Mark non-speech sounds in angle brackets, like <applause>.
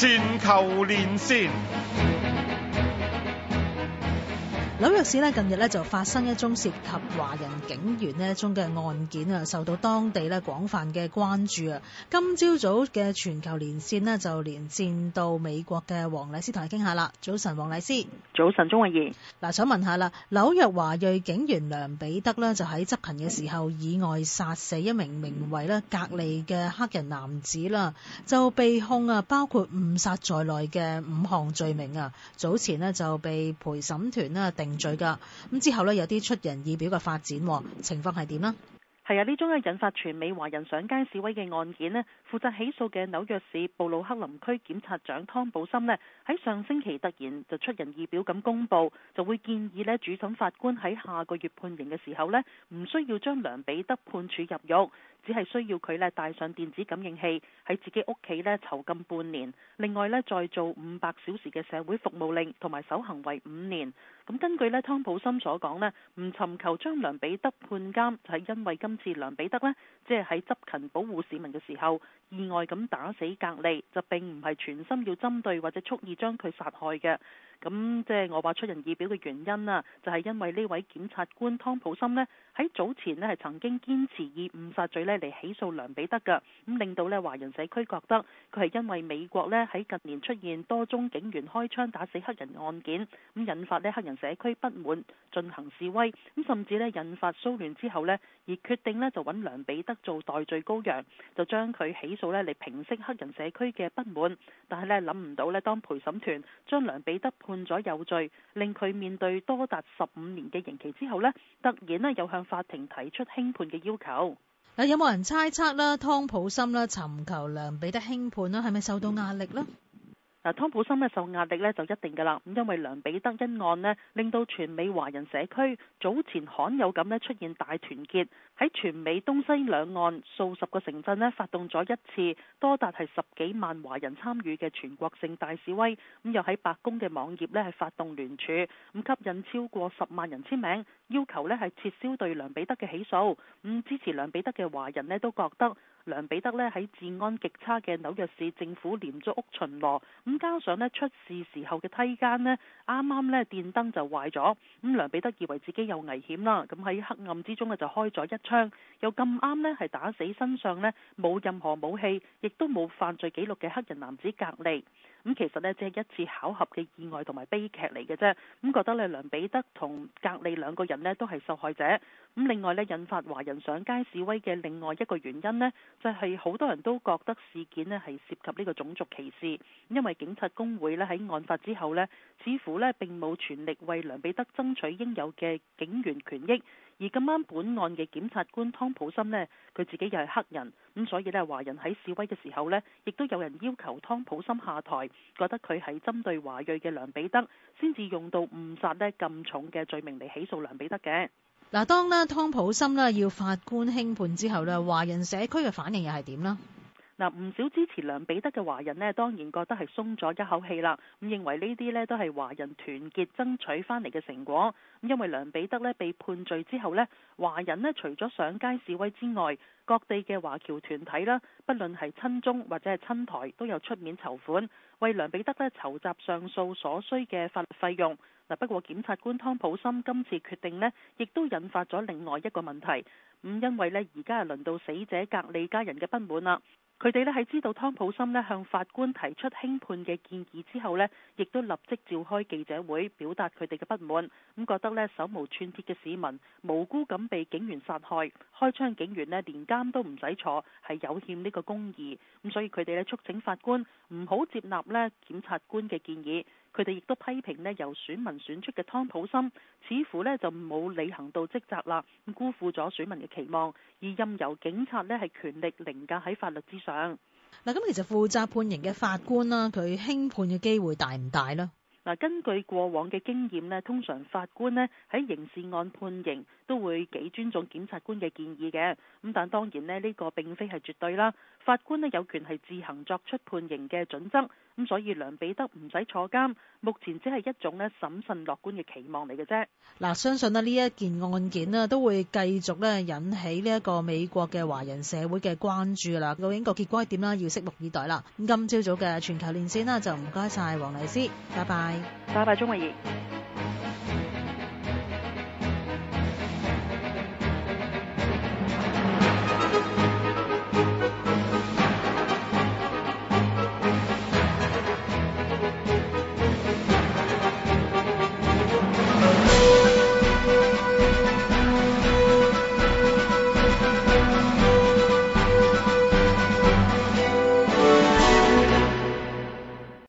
全球連線。紐約市咧近日咧就發生一宗涉及華人警員咧一宗嘅案件啊，受到當地咧廣泛嘅關注啊。今朝早嘅全球連線咧就連線到美國嘅黃麗施同你傾下啦。早晨麗施，黃麗施。早晨，鍾慧儀。嗱，想問下啦，紐約華裔警員梁彼得呢，就喺執勤嘅時候意外殺死一名名為咧格利嘅黑人男子啦，就被控啊包括誤殺在內嘅五項罪名啊。早前咧就被陪審團咧定罪噶，咁之後呢，有啲出人意表嘅發展，情況係點呢？係啊，呢宗嘅引發全美華人上街示威嘅案件呢，負責起訴嘅紐約市布魯克林區檢察長湯保森呢，喺上星期突然就出人意表咁公布，就會建議呢主審法官喺下個月判刑嘅時候呢，唔需要將梁彼得判處入獄。只係需要佢咧帶上電子感應器喺自己屋企咧囚禁半年，另外咧再做五百小時嘅社會服務令同埋守行為五年。咁根據咧湯普森所講咧，唔尋求將梁彼得判監，係、就係、因為今次梁彼得咧，即係喺執勤保護市民嘅時候意外咁打死格利，就並唔係全心要針對或者蓄意將佢殺害嘅。咁、嗯、即係我話出人意表嘅原因啊，就係、是、因為呢位檢察官湯普森咧喺早前咧係曾經堅持以誤殺罪咧嚟起訴梁彼得嘅，咁、嗯、令到咧華人社區覺得佢係因為美國咧喺近年出現多宗警員開槍打死黑人案件，咁、嗯、引發咧黑人社區不滿進行示威，咁、嗯、甚至咧引發騷亂之後咧，而決定咧就揾梁彼得做代罪羔羊，就將佢起訴咧嚟平息黑人社區嘅不滿，但係咧諗唔到咧，當陪審團將梁彼得判咗有罪，令佢面對多達十五年嘅刑期之後咧，突然咧又向法庭提出輕判嘅要求。嗱，有冇人猜測啦？湯普森啦，尋求梁彼得輕判啦，係咪受到壓力咧？ <noise> <noise> 嗱，湯普森呢受壓力呢就一定㗎啦，咁因為梁彼得一案呢，令到全美華人社區早前罕有咁呢出現大團結，喺全美東西兩岸數十個城鎮呢發動咗一次多達係十幾萬華人參與嘅全國性大示威，咁又喺白宮嘅網頁呢係發動聯署，咁吸引超過十萬人簽名，要求呢係撤銷對梁彼得嘅起訴，咁支持梁彼得嘅華人呢都覺得。梁彼得咧喺治安極差嘅紐約市政府廉租屋巡邏，咁加上咧出事時候嘅梯間咧，啱啱咧電燈就壞咗，咁梁彼得以為自己有危險啦，咁喺黑暗之中咧就開咗一槍，又咁啱咧係打死身上咧冇任何武器，亦都冇犯罪記錄嘅黑人男子格利。咁其實咧，只係一次巧合嘅意外同埋悲劇嚟嘅啫。咁覺得咧，梁彼得同格利兩個人咧都係受害者。咁另外咧，引發華人上街示威嘅另外一個原因咧，就係好多人都覺得事件咧係涉及呢個種族歧視，因為警察工會咧喺案發之後咧，似乎咧並冇全力為梁彼得爭取應有嘅警員權益。而今晚本案嘅檢察官湯普森咧，佢自己又係黑人，咁所以咧華人喺示威嘅時候咧，亦都有人要求湯普森下台。覺得佢係針對華裔嘅梁彼得，先至用到誤殺呢咁重嘅罪名嚟起訴梁彼得嘅。嗱，當咧湯普森咧要法官輕判之後咧，華人社區嘅反應又係點咧？嗱，唔少支持梁彼得嘅華人咧，當然覺得係鬆咗一口氣啦。咁認為呢啲咧都係華人團結爭取翻嚟嘅成果。因為梁彼得咧被判罪之後咧，華人咧除咗上街示威之外，各地嘅華僑團體啦，不論係親中或者係親台，都有出面籌款，為梁彼得咧籌集上訴所需嘅法律費用。嗱，不過檢察官湯普森今次決定咧，亦都引發咗另外一個問題。咁因為咧而家係輪到死者格利家人嘅不滿啦。佢哋呢，喺知道湯普森呢向法官提出輕判嘅建議之後呢，亦都立即召開記者會，表達佢哋嘅不滿，咁覺得呢，手無寸鐵嘅市民無辜咁被警員殺害，開槍警員呢連監都唔使坐，係有欠呢個公義，咁所以佢哋呢促請法官唔好接納呢檢察官嘅建議。佢哋亦都批評呢，由選民選出嘅湯普森似乎呢就冇履行到職責啦，咁辜負咗選民嘅期望，而任由警察呢係權力凌駕喺法律之上。嗱，咁其實負責判刑嘅法官啦，佢輕判嘅機會大唔大呢？嗱，根據過往嘅經驗呢，通常法官呢喺刑事案判刑，都會幾尊重檢察官嘅建議嘅，咁但係當然呢，呢個並非係絕對啦，法官呢，有權係自行作出判刑嘅準則，咁所以梁彼得唔使坐監，目前只係一種咧審慎樂觀嘅期望嚟嘅啫。嗱，相信咧呢一件案件咧都會繼續咧引起呢一個美國嘅華人社會嘅關注啦。究竟個結果係點啦？要拭目以待啦。咁今朝早嘅全球連線啦，就唔該晒黃麗施，拜拜，拜拜，鐘慧儀。